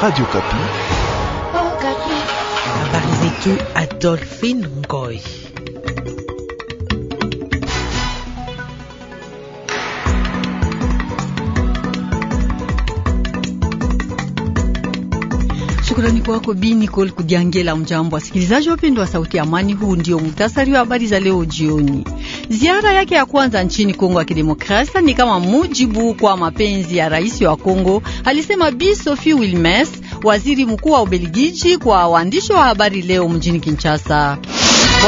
Radio oh, Kapi. Habari zetu Adolphine Ngoy. Shukrani kwako Bi Nicole Kudiangela. Mjambo wasikilizaji wapendwa wa Sauti ya Amani, huu ndio muhtasari wa habari za leo jioni. Ziara yake ya kwanza nchini Kongo ya Kidemokrasia ni kama mujibu kwa mapenzi ya rais wa Kongo, alisema Bi Sophie Wilmes, waziri mkuu wa Ubelgiji, kwa waandishi wa habari leo mjini Kinshasa.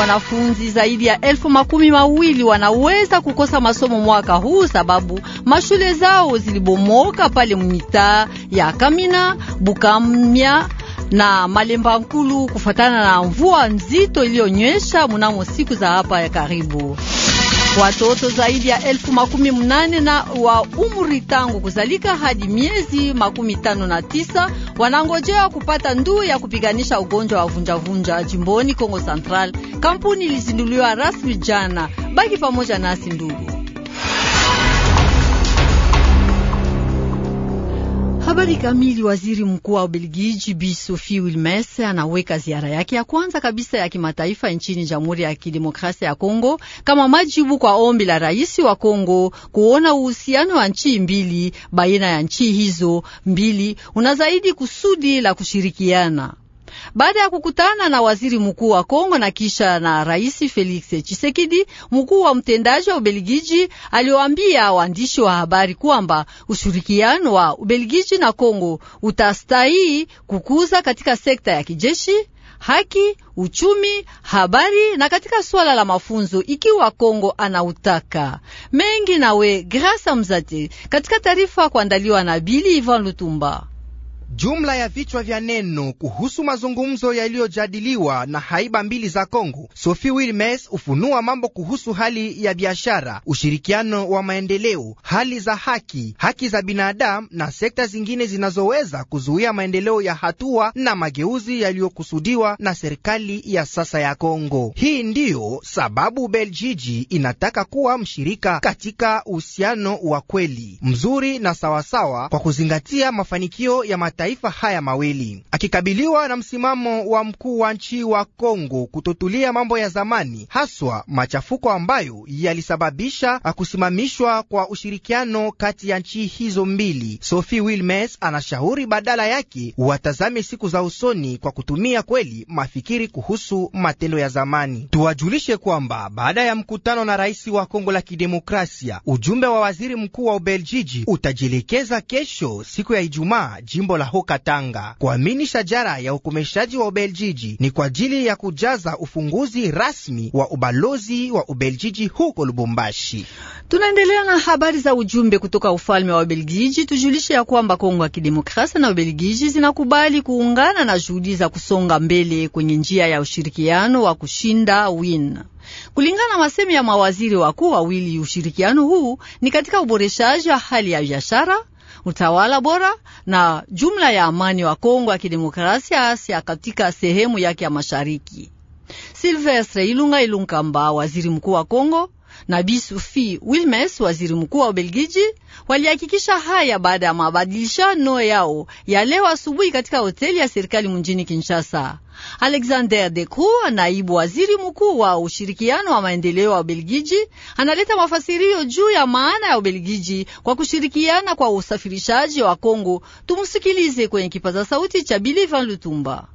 Wanafunzi zaidi ya elfu makumi mawili wanaweza kukosa masomo mwaka huu sababu mashule zao zilibomoka pale mitaa ya Kamina Bukamya na Malemba Nkulu kufuatana na mvua nzito iliyonyesha mnamo siku za hapa ya karibu. Watoto zaidi ya elfu makumi mnane na wa umri tangu kuzalika hadi miezi makumi tano na tisa wanangojea kupata nduu ya kupiganisha ugonjwa wa vunjavunja jimboni Kongo Central. Kampuni ilizinduliwa rasmi jana. Baki pamoja nasi ndugu. Habari kamili. Waziri mkuu wa Ubelgiji Bi Sophie Wilmes anaweka ziara yake ya kwanza kabisa ya kimataifa nchini Jamhuri ya Kidemokrasia ya Kongo kama majibu kwa ombi la rais wa Kongo kuona uhusiano wa nchi mbili baina ya nchi hizo mbili una zaidi kusudi la kushirikiana baada ya kukutana na waziri mkuu wa Kongo na kisha na rais Felix chisekidi Mkuu wa mtendaji wa Ubelgiji aliwaambia waandishi wa habari kwamba ushirikiano wa Ubelgiji na Kongo utastahi kukuza katika sekta ya kijeshi haki, uchumi, habari na katika swala la mafunzo, ikiwa Kongo anautaka mengi. Nawe Grasa Mzati katika taarifa kuandaliwa na Bili Ivan Lutumba. Jumla ya vichwa vya neno kuhusu mazungumzo yaliyojadiliwa na haiba mbili za Kongo. Sophie Wilmes ufunua mambo kuhusu hali ya biashara, ushirikiano wa maendeleo, hali za haki, haki za binadamu na sekta zingine zinazoweza kuzuia maendeleo ya hatua na mageuzi yaliyokusudiwa na serikali ya sasa ya Kongo. Hii ndiyo sababu Beljiji inataka kuwa mshirika katika uhusiano wa kweli mzuri na sawasawa kwa kuzingatia mafanikio ya mataifa haya mawili. Akikabiliwa na msimamo wa mkuu wa nchi wa Kongo kutotulia mambo ya zamani, haswa machafuko ambayo yalisababisha kusimamishwa kwa ushirikiano kati ya nchi hizo mbili, Sophie Wilmes anashauri badala yake watazame siku za usoni kwa kutumia kweli mafikiri kuhusu matendo ya zamani. Tuwajulishe kwamba baada ya mkutano na rais wa Kongo la Kidemokrasia, ujumbe wa waziri mkuu wa Ubeljiji utajielekeza kesho siku ya Ijumaa jimbo la huka Tanga. Kuamini shajara ya ukomeshaji wa Ubeljiji ni kwa ajili ya kujaza ufunguzi rasmi wa ubalozi wa Ubeljiji huko Lubumbashi. Tunaendelea na habari za ujumbe kutoka ufalme wa Ubelgiji. Tujulishe ya kwamba Kongo ya Kidemokrasia na Ubelgiji zinakubali kuungana na juhudi za kusonga mbele kwenye njia ya ushirikiano wa kushinda win Kulingana na masemi ya mawaziri wakuu wawili, ushirikiano huu ni katika uboreshaji wa hali ya biashara, utawala bora na jumla ya amani wa Kongo ya Kidemokrasia Asia katika sehemu yake ya mashariki. Silvestre Ilunga Ilunkamba, waziri mkuu wa Kongo na Bi Sophie Wilmes, waziri mkuu wa Ubelgiji, walihakikisha haya baada ya mabadilishano yao ya leo asubuhi katika hoteli ya serikali mjini Kinshasa. Alexander De Croo, naibu waziri mkuu wa ushirikiano wa maendeleo wa Ubelgiji, analeta mafasirio juu ya maana ya Ubelgiji kwa kushirikiana kwa usafirishaji wa Kongo. Tumsikilize kwenye kipaza sauti cha Billy Van Lutumba.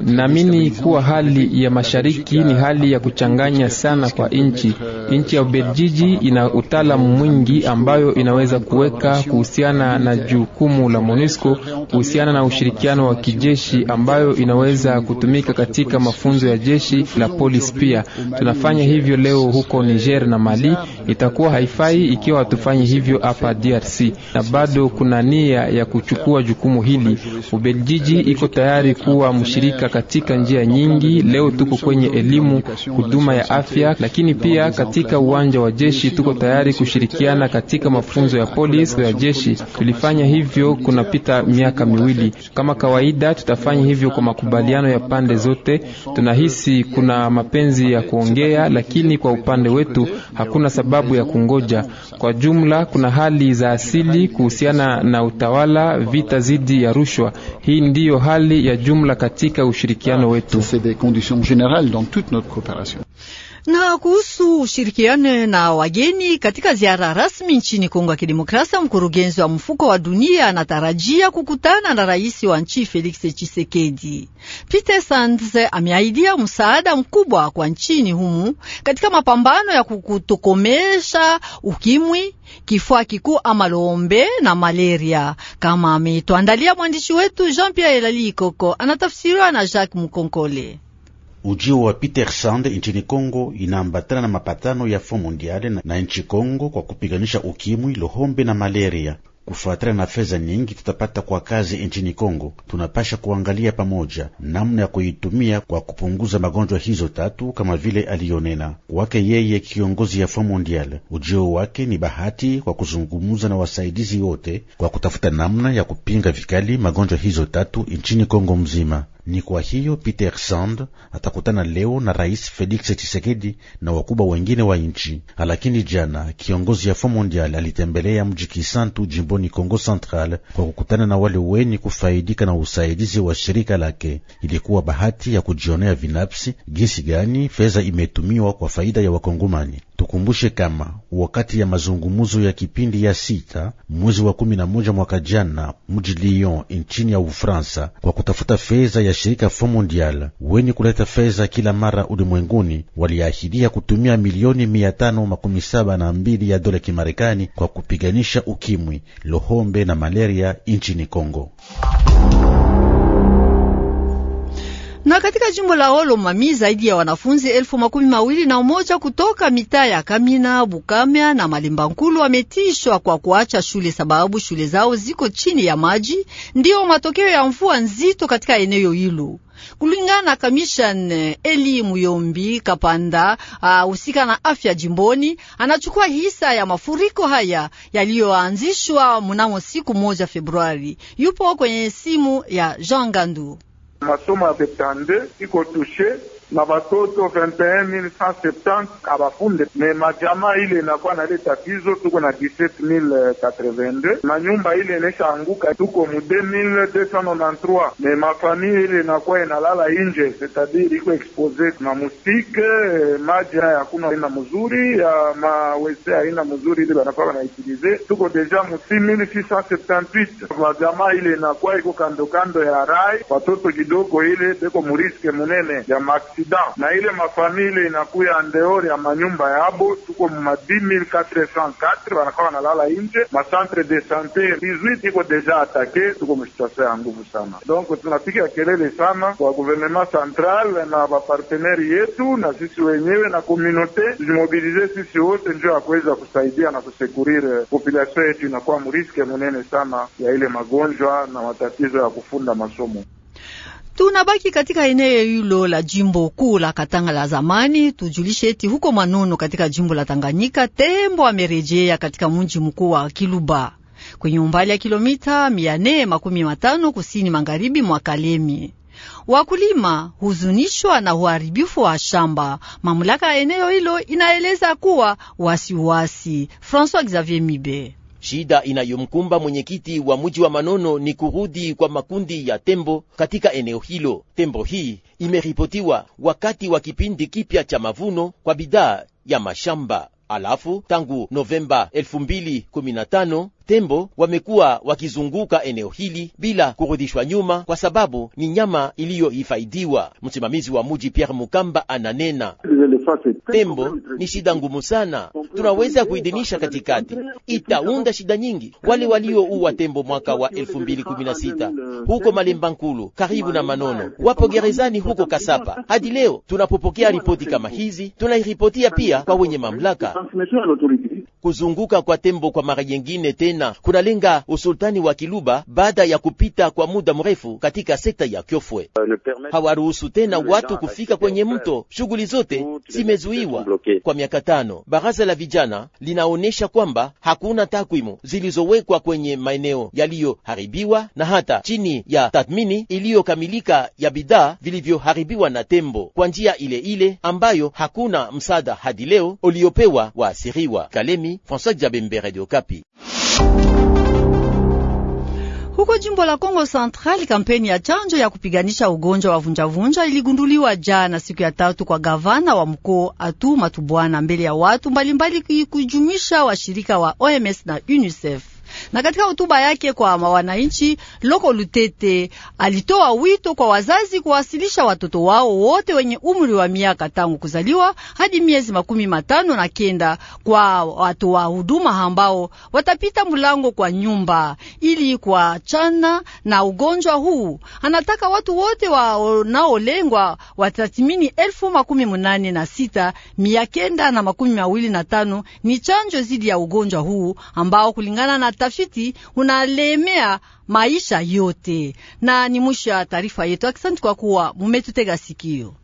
Naamini kuwa hali ya mashariki ni hali ya kuchanganya sana kwa nchi. Nchi ya ubeljiji ina utaalamu mwingi ambayo inaweza kuweka kuhusiana na jukumu la MONUSCO kuhusiana na ushirikiano wa kijeshi ambayo inaweza kutumika katika mafunzo ya jeshi la polisi. Pia tunafanya hivyo leo huko Niger na Mali. Itakuwa haifai ikiwa hatufanyi hivyo hapa DRC, na bado kuna nia ya kuchukua jukumu hili. ubeljiji iko tayari kuwa mshirika katika njia nyingi. Leo tuko kwenye elimu, huduma ya afya, lakini pia katika katika uwanja wa jeshi. Tuko tayari kushirikiana katika mafunzo ya polisi ya jeshi. Tulifanya hivyo kunapita miaka miwili. Kama kawaida, tutafanya hivyo kwa makubaliano ya pande zote. Tunahisi kuna mapenzi ya kuongea, lakini kwa upande wetu hakuna sababu ya kungoja. Kwa jumla, kuna hali za asili kuhusiana na utawala, vita dhidi ya rushwa. Hii ndiyo hali ya jumla katika ushirikiano wetu. Na kuhusu ushirikiano na wageni katika ziara rasmi nchini Kongo ya Kidemokrasia, mkurugenzi wa mfuko wa dunia anatarajia kukutana na rais wa nchi Felix Tshisekedi. Peter Sands ameahidia msaada mkubwa kwa nchini humu katika mapambano ya kukutokomesha ukimwi, kifua kikuu ama loombe na malaria, kama ametuandalia mwandishi wetu Jean Pierre Elali Ikoko, anatafsiriwa na Jacques Mukonkole. Ujio wa Peter Sande nchini Kongo inaambatana na mapatano ya Fond Mondiale na, na nchi Kongo kwa kupiganisha ukimwi, lohombe na malaria. Kufuatana na fedha nyingi tutapata kwa kazi nchini Kongo, tunapasha kuangalia pamoja namna ya kuitumia kwa kupunguza magonjwa hizo tatu, kama vile aliyonena kwake yeye kiongozi ya Fond Mondiale. Ujio wake ni bahati kwa kuzungumza na wasaidizi wote kwa kutafuta namna ya kupinga vikali magonjwa hizo tatu nchini Kongo mzima. Ni kwa hiyo Peter Sand atakutana leo na Rais Felix Tshisekedi na wakubwa wengine wa nchi. Lakini jana kiongozi ya Fonds Mondial alitembelea mji Kisantu jimboni congo Central kwa kukutana na wale wenye kufaidika na usaidizi wa shirika lake. Ilikuwa bahati ya kujionea vinafsi gisi gani fedha imetumiwa kwa faida ya Wakongomani tukumbushe kama wakati ya mazungumuzo ya kipindi ya sita mwezi wa kumi na moja mwaka jana mji Lyon nchini ya Ufransa kwa kutafuta fedha ya shirika Fond Mondial wenye kuleta fedha kila mara ulimwenguni waliahidia kutumia milioni mia tano makumi saba na mbili ya dola Kimarekani kwa kupiganisha ukimwi, lohombe na malaria nchini Kongo. Na katika jimbo la mami zaidi ya wanafunzi elfu makumi mawili na umoja kutoka mitaa ya Kamina, Bukamya na Malimba Nkulu wametishwa kwa kuacha shule sababu shule zao ziko chini ya maji. Ndiyo matokeo ya mvua nzito katika eneo hilo. Kulingana na kamishan Eli Muyombi Kapanda ah, husika uh, na afya jimboni, anachukua hisa ya mafuriko haya yaliyoanzishwa mnamo siku moja Februari. Yupo kwenye simu ya Jean Gandu. somme a été tendue, il a touché na batoto 21170 abafunde me majama ile inakuwa na ile tatizo, tuko na 17082 na nyumba ile anguka, tuko mu 2293 me mafamili ile inakuwa inalala inje, setadiri iko expose na mustike, maji haya hakuna aina mzuri ya mawese aina mzuri ile banakuwa wanaitilize. Tuko deja mu 6678 majama ile inakuwa iko kando kando ya rai, watoto kidogo ile beko muriske munene ya accident na ile mafamili inakuya ndeori ya manyumba yabo, tuko ma 2404 wanakuwa wanalala nje, macentre de sante 18 iko deja atake, tuko msituasio ya nguvu sana. Donc tunapiga kelele sana kwa gouvernement central na baparteneri yetu na sisi wenyewe na komunote tujimobilize sisi wote njo ya kuweza kusaidia na kusekurire population yetu inakuwa muriske munene sana ya ile magonjwa na matatizo ya kufunda masomo. Tunabaki katika eneo hilo la jimbo kuu la Katanga la zamani. Tujulishe eti huko Manono katika jimbo la Tanganyika, tembo amerejea katika mji mkuu wa Kiluba kwenye umbali ya kilomita mia nne makumi matano kusini magharibi mwa Kalemi. Wakulima huzunishwa na uharibifu wa shamba. Mamlaka ya eneo hilo inaeleza kuwa wasiwasi. François Xavier Mibe Shida inayomkumba mwenyekiti wa mji wa Manono ni kurudi kwa makundi ya tembo katika eneo hilo. Tembo hii imeripotiwa wakati wa kipindi kipya cha mavuno kwa bidhaa ya mashamba. Alafu tangu Novemba 2015 tembo wamekuwa wakizunguka eneo hili bila kurudishwa nyuma, kwa sababu ni nyama iliyohifadhiwa. Msimamizi wa muji Pierre Mukamba ananena tembo ni shida ngumu sana, tunaweza kuidhinisha katikati, itaunda shida nyingi. Wale waliouwa tembo mwaka wa 2016 huko Malemba Nkulu karibu na Manono wapo gerezani huko Kasapa hadi leo. Tunapopokea ripoti kama hizi, tunairipotia pia kwa wenye mamlaka. Kuzunguka kwa tembo kwa mara nyingine tena kunalenga usultani wa Kiluba baada ya kupita kwa muda mrefu katika sekta ya Kyofwe. Euh, Hawaruhusu tena watu kufika kwenye mto, shughuli zote zimezuiwa kwa miaka tano. Baraza la vijana linaonyesha kwamba hakuna takwimu zilizowekwa kwenye maeneo yaliyoharibiwa na hata chini ya tathmini iliyokamilika ya bidhaa vilivyoharibiwa na tembo kwa njia ile ile ambayo hakuna msaada hadi leo uliopewa waasiriwa Kale Kalemi, François Jabembe, Radio Kapi. Huko jimbo la Kongo Central, kampeni ya chanjo ya kupiganisha ugonjwa wa vunjavunja iligunduliwa jana siku ya tatu kwa gavana wa mkoa Atu Matubwana mbele ya watu mbalimbali, kujumisha washirika wa OMS na UNICEF. Na katika hotuba yake kwa wananchi, Loko Lutete alitoa wito kwa wazazi kuwasilisha watoto wao wote wenye umri wa miaka tangu kuzaliwa hadi miezi makumi matano na kenda kwa watu wa huduma ambao watapita mlango kwa nyumba ili kuachana na ugonjwa huu. Anataka watu wote wanaolengwa watathimini elfu makumi munane na sita mia kenda na makumi mawili na tano ni chanjo zidi ya ugonjwa huu ambao kulingana na utafiti unalemea maisha yote, na ni mwisho ya taarifa yetu. Akisanti kwa kuwa mumetutega sikio.